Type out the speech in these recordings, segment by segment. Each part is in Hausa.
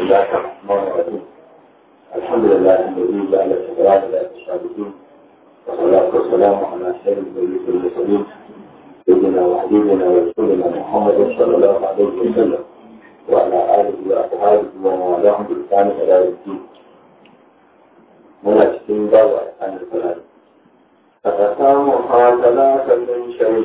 الله الرحمن الرحيم الحمد لله الذي جعل الشكرات على الشهادتين والصلاة والسلام على سيد الملك المرسلين سيدنا وحبيبنا ورسولنا محمد صلى الله عليه وسلم وعلى آله وأصحابه ومن والاهم بإحسان إلى الدين. الدين منافقين باب أحسان الفلاح فقسام ثلاثة من شيء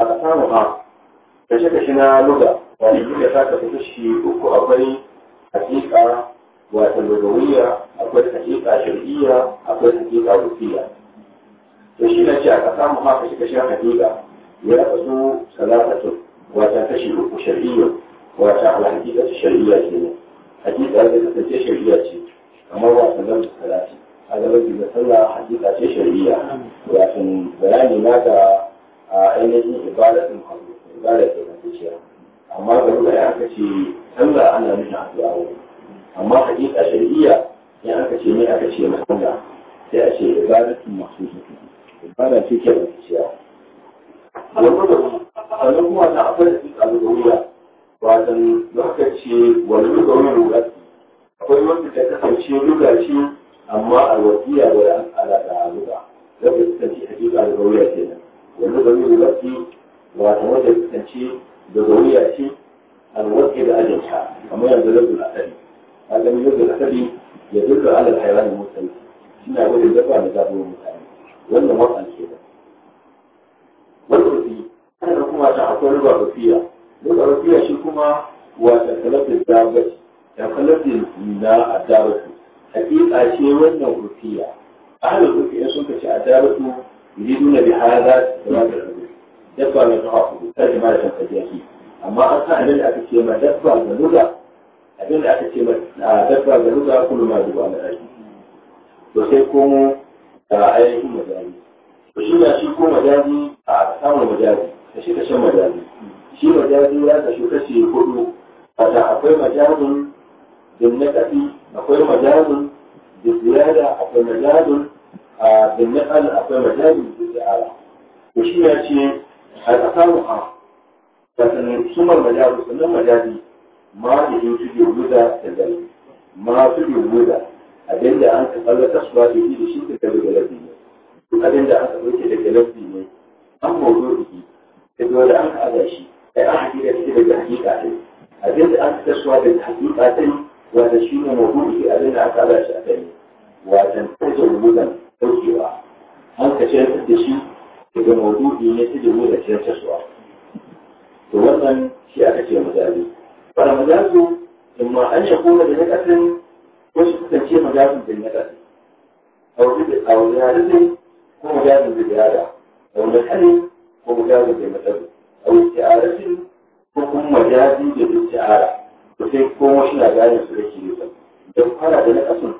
aka samu ha kashe-kashe na luga wani duka ta kafa kashi uku akwai hakika wata lugawiya akwai hakika shir'iyya akwai hakika rufiya to shi na ce aka samu ha kashe-kashen hakika ya kasu salatatu wata kashi uku shir'iyya wata alhakika ta shir'iyya ke ne hakika da kasance shir'iyya ce kamar wata lamsa salati a gaban da sallah hakika ce shir'iyya wato bayani na ga ainihin ibadatin ibadatin zuciya amma ga ya aka ce sallah ana nuna addu'a amma hakika shari'a ya aka ce ne aka ce sallah sai a ce ibadatin masu ibada ce ke zuciya sannan kuma akwai da suka alwuriya wajen lokaci wani akwai wanda ta kasance luga ce amma alwasiya da al'ada ta hakika yanzu da wuri baki wata wanda kasance da zauriya ce alwaki da ajinta kamar yanzu da zuwa asali a ganin yadda asali ya duka alal da mutane suna wani dafa da wa mutane wannan wata ke da wani ana kuma ta akwai ruba bafiya ruba bafiya shi kuma wata kalafin dabbaci da kalafin na adabatu hakika ce wannan rufiya ahalin rufiya sun kace adabatu يريدون بهذا سواد العلوم دفع من الحافظ ترجم على شمسياتي أما أصلا أن الأكسية ما دفع البلوغة أن الأكسية ما دفع البلوغة كل ما يجب على الأجل وسيكون عليكم مجازي وشينا شيكو مجازي أعتقام المجازي كشيك شم مجازي شي مجازي لا تشوك شي كله فتا أقوي مجاز بالنكتي أقوي مجاز بالزيادة أقوي مجاز a domin Allah akwai majami da ta'ala to shi ya ce al'asaru a sannan sumar majami sannan majami ma da yin su ke wuda da zai ma su ke wuda abinda an ka tsallaka su ba da shi da wannan shi aka ce majazi fara majazu imma an ya kula da nakasin ko shi kasance majazin da nakasin a wajen a wajen hadisi ko majazin da biyada a wajen kane ko majazin da matsabi a wajen arasin ko kuma majazi da istiara to sai ko shi na gane su da ke nisa da fara da nakasin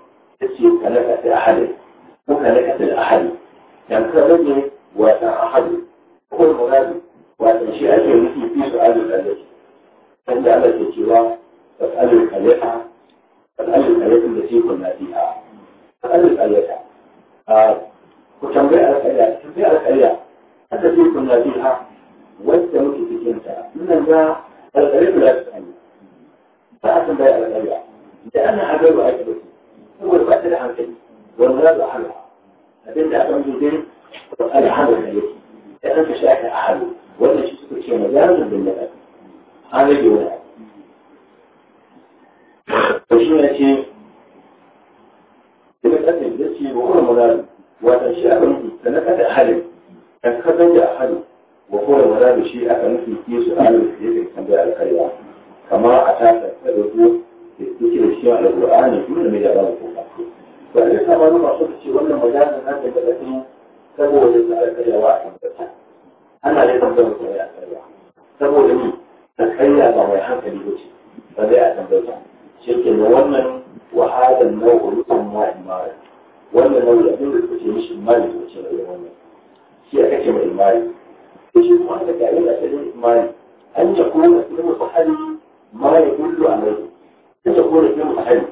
السنة جاء الغريب لا يستحمل فأسم بيع الغريب لأن عجل وأجل هو الوقت القتل عن كلمة والغرب أحلها هذين أفهم جديد الحمل الغريب لأن شاكة أحد وإن شيء تكون شيء مجال بالنبات هذا جواب وشو نتي تبقى تبدأتي بقول مراد وتنشأ من تنفذ أحد كان أحد وقول مراد شيء أفهم yi suna da su yake kanta da alkarya kamar a tafi da rubu da suke da shi a alkur'ani su ne da ba su kuma ba da kama ruwa su wannan magana na da daga saboda su alkarya a kan kasa ana da kanta da kuma alkarya saboda ni alkarya ba mai hankali ba ce ba zai a kan kasa shi ke da wannan wahalar nau'in rufin ma'in ma'in wannan nau'in abin da suke mishi ma'in da suke rage wannan shi a kake لن تكون اسم صحابي ما يدل عليه لن تكون اسم صحابي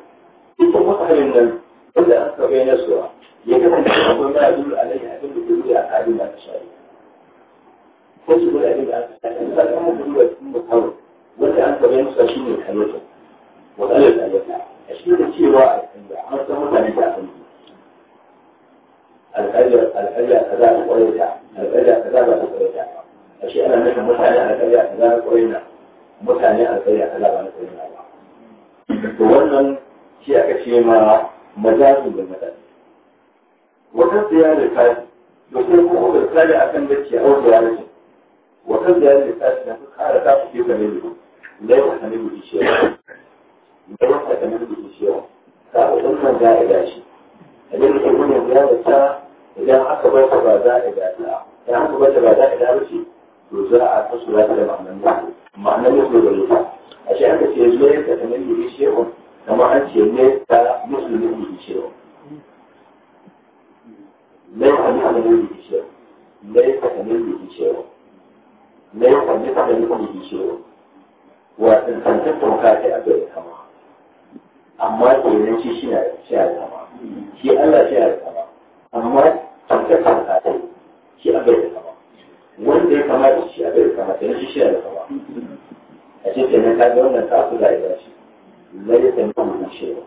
انت صحابي من إلا أنت بين السرعة يجب أن يكون ما يدل عليه أدل بدون أحد ما تشاء تجب الأدل أن تكون بدون اسم ولا أنت بين السرعين الحديثة وقال الأدل أشياء شيء رائع عمل سموتها لتعلمه الاجر الاجر أداء ويرجع الاجر أداء ويرجع yana nufin mutane alƙarya ta zara ƙoyina mutane alƙarya ta zara na ƙoyina ba to wannan shi aka ce ma majasun da mutane wata ziyarar kaji da sai kuma da tsari akan da ke auki ya rashin wata da kaji na suka ta fi ke game da laiwa ta nemi ishewa da ta nemi ishewa ta wannan za a gashi A da ke gudun ziyarar ta idan aka bar ta ba za a gashi idan aka ta ba za a مثل مثله ليس كمثله شيء ليس مثل مثله شيء وإن كنت مكاتئ أبدا kama amma kenan shi shina shi a kama shi Allah shi a kama amma tantar ta shi a bai sama wanda ya kamata shi a bai sama shi shi a sama a ce kenan ka ga wannan ta su da ya shi na da tantar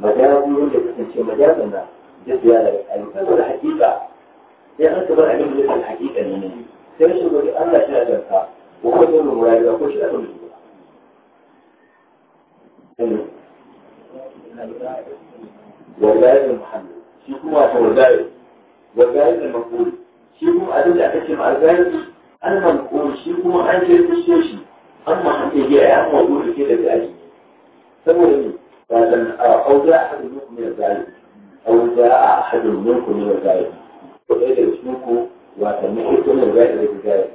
majazi wanda ya kasance majazin na duk ya daga ayyukan saboda hakika sai an kabar abin da yake hakika ne ne sai shi gobe Allah shi da ka ko ko da mura da ko shi da mutum wallahi muhammad shi kuma ta wallahi wallahi da makul shi kuma abin da aka ce ma algari an makul shi kuma an ce shi shi an ma hake ya ya mu gudu ke da aji saboda ne فلم أو جاء أحد منكم من الزائد أو جاء أحد منكم من الزائد وإذا اسمكم وتنحيكم من الزائد الغائب الغائب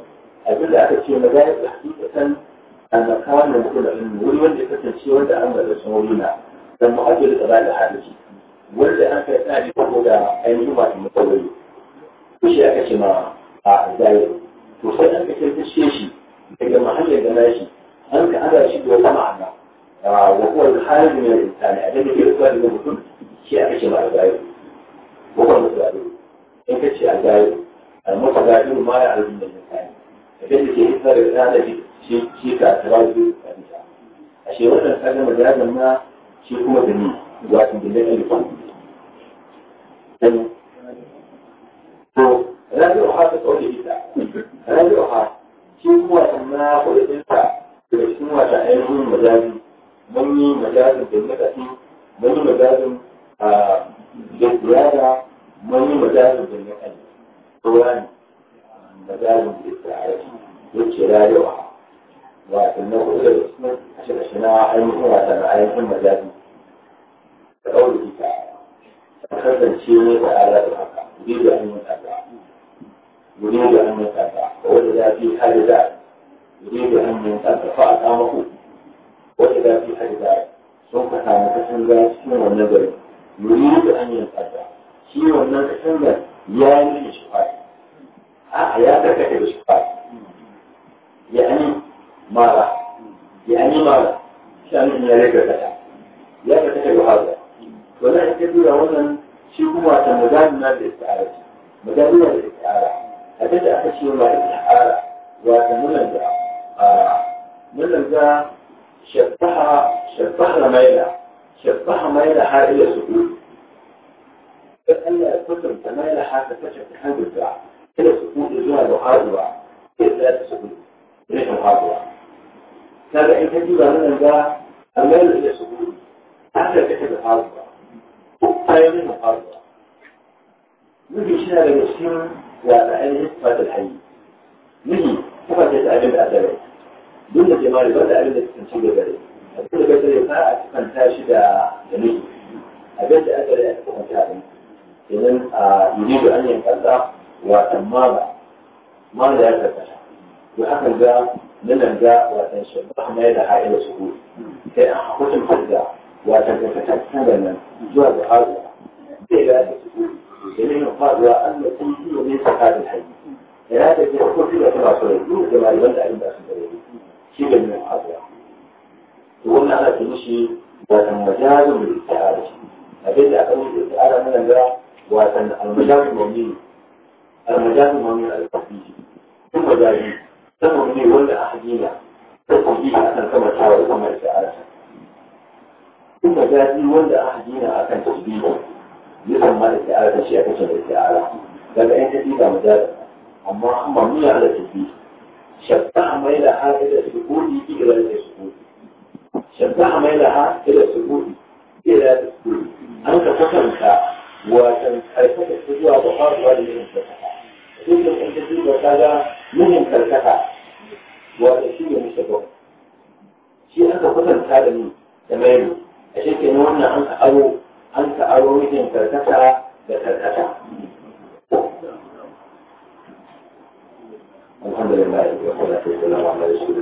أقول لك أكثر أن الغائب حقيقة المكان المكون عنه والوالد كتنسي وانت أمر الرسولين لما أجل الغائب الحالجي والد أنك يتعلي وقود أين يبعث المطوري وش أكثر ما الغائب وسيئا كتنسي شيء daga mahallin da nashi an ka ana shi da wata wakon halin yin insani a cikin yin kwari na mutum shi a kashe mara gayu masu gayu in ka ce a gayu a masa gayu ma ya halin yin insani a cikin da ke yi tsari na da shi shi ka tara zuwa tsari ta a shi wannan tsarin majalisar ma shi kuma da ni wato da ne ne kwan to rabi'u ha ta tsoke ita rabi'u ha shi kuma sannan kuɗin sa da cikin wata ainihin majalisar mun yi majazin da nakaɗi mun yi majalin da ziyara mun yi majazin da nakaɗi tsoron majalin da ya tsarari ya ce rayuwa wato na kuɗi da su a shirashe na ainihin wata na ainihin majazin da ɗaure ta ta kasance ne da ala da haka biyu da hannun kaza biyu da hannun kaza wanda za fi hali da biyu da hannun kaza katanga cikin wannan gari yuri da an yi tsada shi wannan katangar ya yi da shi fadi a'a ya karkata da shi fadi ya ani mara ya ani mara shi an yi ya karkata ya karkata da haza wannan ita dura wannan shi kuma ta na da istihara ce na da istihara abin da aka ce ma istihara wata mulan da mulan da shabbaha shabbaha maila شبه ما إلى يلحى إلى سكوت فألا فترة ما يلحى تكشف تحمل الدعاء إلى سكون إذنها بحار دعاء إلى ثلاثة سكوت إليك بحار دعاء هذا إن كتب لنا الدعاء أميل إلى سكون حتى كتب بحار دعاء أيضا بحار دعاء نجي شنا للمسلم وأنا إثبات الحي نجي فقط يتعلم أدبات دون جمال بدأ من التنسيب البريد كل بيت اللي فاء كفنتا شدا جميل أبيت أثر أكفنتا إذن آه، يريد أن ينقضى وتماما ما لا يكفنتا وحكم ذا لمن ذا وتنشبه ما يدعى إلى سهول كأن حكم فذا وتنفتت سبنا جواب هذا بإلى سهول إليه قال وأن تنزيل من سكاد الحي هذا يقول في الأسرة سورة كما يبدأ عند أسرة شيء من الحاضرة wannan ana ce mishi watan majalin da istiara abin da aka nufi istiara mana ga watan almajalin mamini almajalin mamini alfafi duk majali saboda ne wanda a hajjina ta kogi a kan sama da sama istiara duk majali wanda a hajjina a kan ya yasan ma istiara ta shi a ce da ara, daga yan tafi ga majalin amma an mamuni ala tasbihu shakka mai da ha'ida su kodi ikirar da su تعملها إلى سبوك إلى سبوك أنت تفنك وتنحرفك السجوة بخار وليه انتفتح تجد ان تجد وكذا من انتفتح والأشياء مستقر شيء أنت تفنك هذا من تمام أشياء كأنه أن أنت أرو أنت أرو ويجي انتفتح بتنفتح الحمد لله رب العالمين والصلاه والسلام على رسول الله